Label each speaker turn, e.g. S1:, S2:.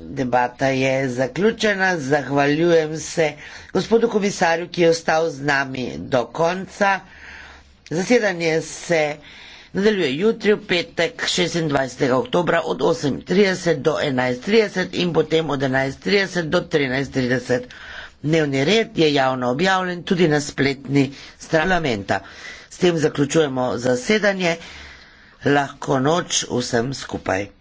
S1: debata je zaključena. Zahvaljujem se gospodu komisarju, ki je ostal z nami do konca. Zasedanje se nadaljuje jutri v petek 26. oktobra od 8.30 do 11.30 in potem od 11.30 do 13.30. Dnevni red je javno objavljen tudi na spletni strani parlamenta. S tem zaključujemo zasedanje. Lahko noč vsem skupaj.